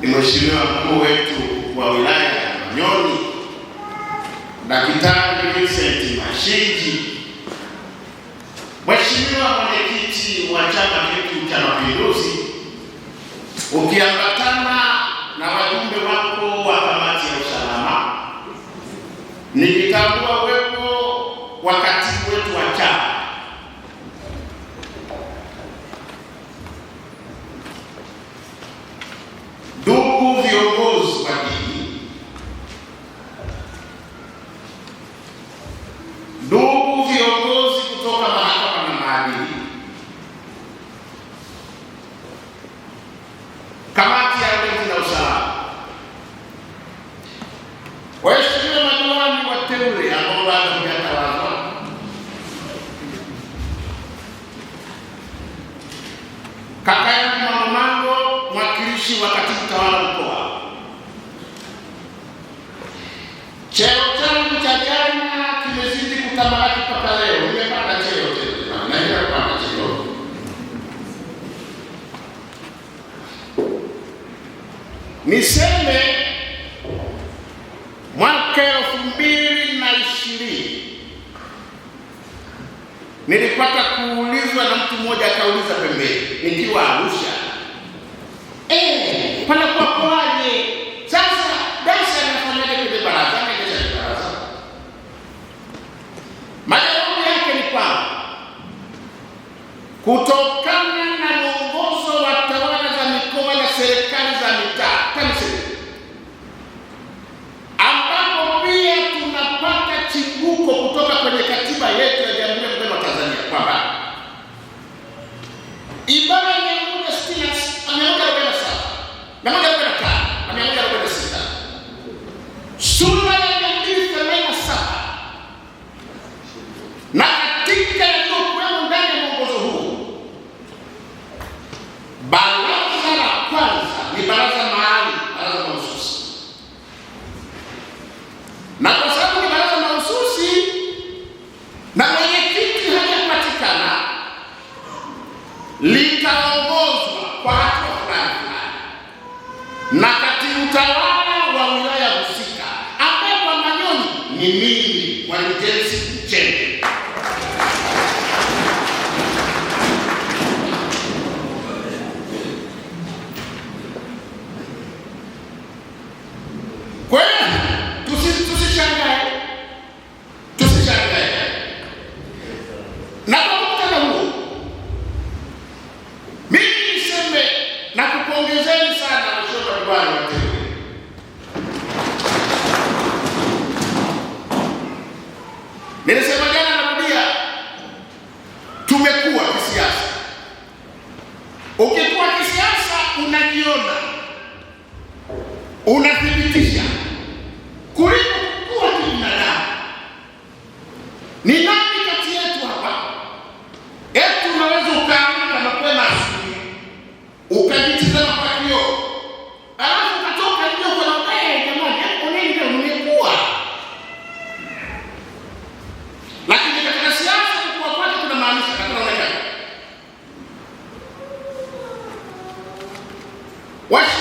ni mheshimiwa mkuu wetu wa wilaya ya Manyoni Daktari Vincent Mashinji, mheshimiwa mwenyekiti wa chama chetu cha Mapinduzi, ukiambatana na wajumbe wako wa kamati ya usalama, nikitambua uwepo wakati katika utawala mkoa. Cheo changu cha jana kimezidi kutamalaki mpaka leo, nimepata cheo tena, naendelea kupata cheo. Niseme mwaka elfu mbili na ishirini nilipata kuulizwa na mtu mmoja akauliza pembeni, nikiwa Arusha kutokana na o que qualche se una chiona, una What?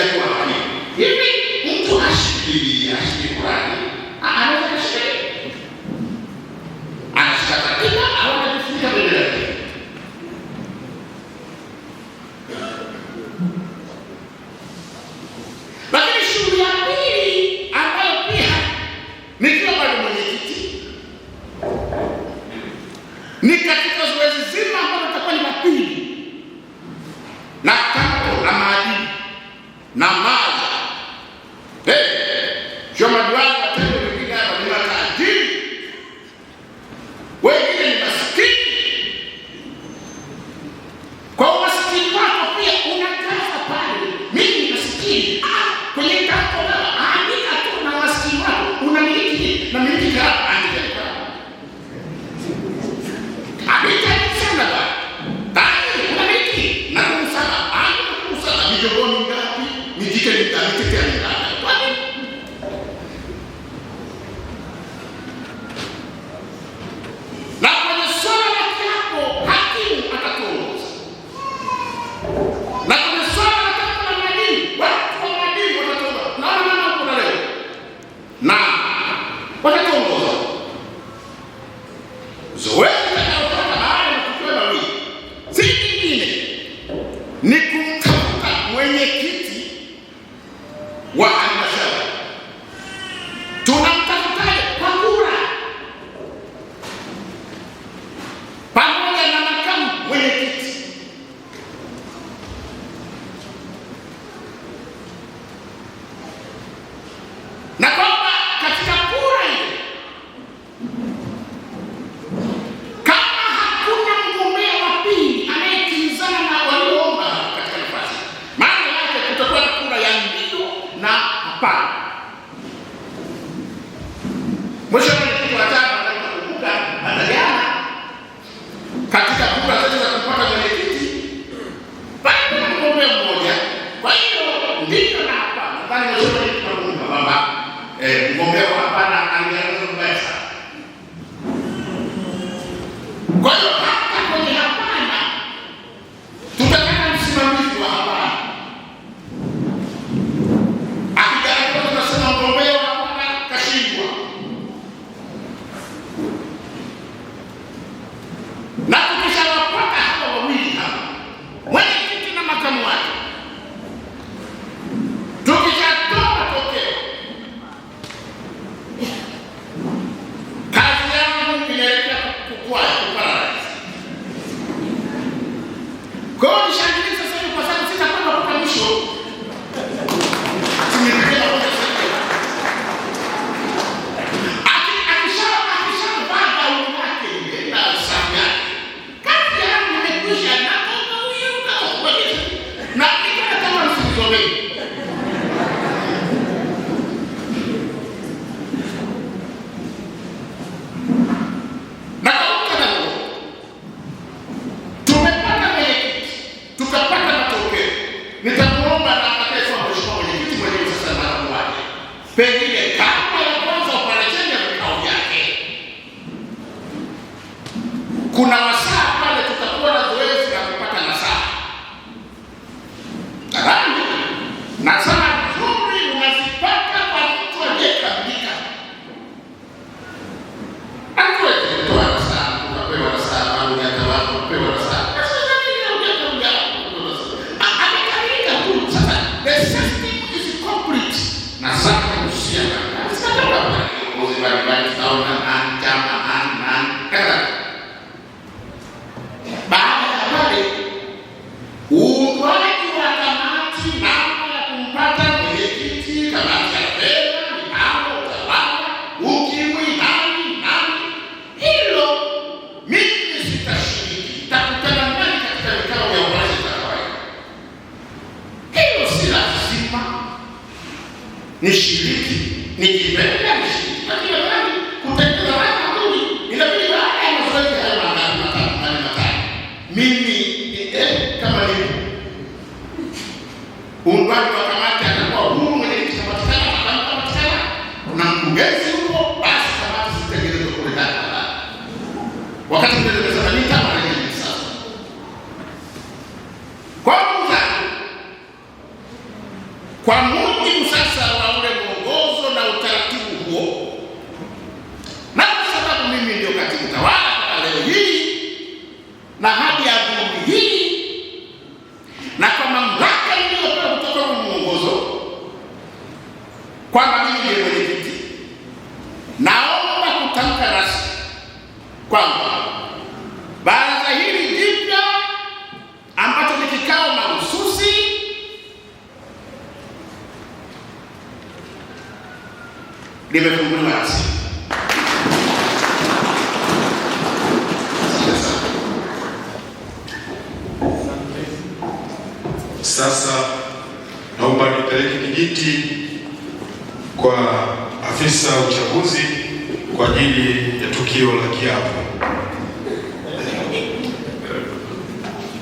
sijajua kwa hivi mtu hashiki eh, mgombea hapana kuna kwamba baraza hili jipya ambacho ni kikao mahususi limefunguliwa rasmi. Sasa naomba nipeleke kijiti kwa afisa uchaguzi kwa ajili tukio la kiapo